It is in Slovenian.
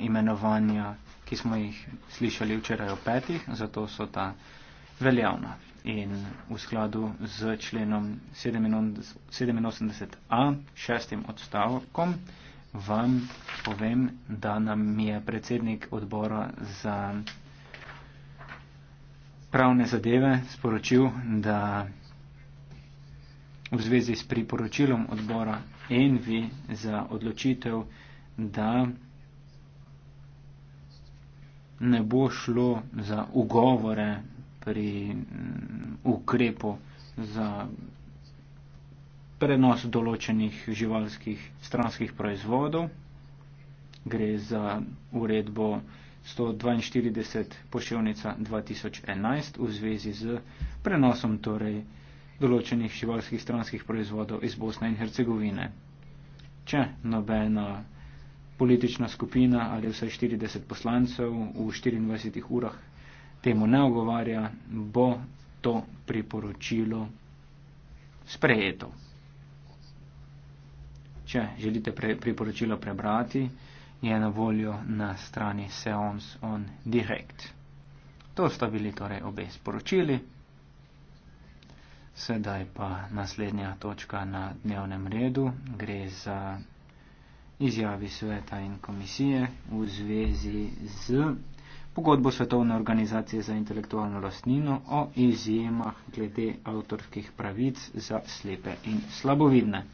imenovanja, ki smo jih slišali včeraj o petih, zato so ta veljavna. In v skladu z členom 87a, šestim odstavkom, vam povem, da nam je predsednik odbora za pravne zadeve sporočil, da v zvezi s priporočilom odbora envi za odločitev, da ne bo šlo za ugovore pri mm, ukrepu za prenos določenih živalskih stranskih proizvodov. Gre za uredbo 142 poševnica 2011 v zvezi z prenosom torej določenih živalskih stranskih proizvodov iz Bosne in Hercegovine. Če nobena politična skupina ali vse 40 poslancev v 24 urah temu ne ogovarja, bo to priporočilo sprejeto. Če želite pre, priporočilo prebrati, je na voljo na strani Seons on Direct. To sta bili torej obe sporočili. Sedaj pa naslednja točka na dnevnem redu gre za izjavi sveta in komisije v zvezi z pogodbo Svetovne organizacije za intelektualno lastnino o izjemah glede avtorskih pravic za slepe in slabovidne.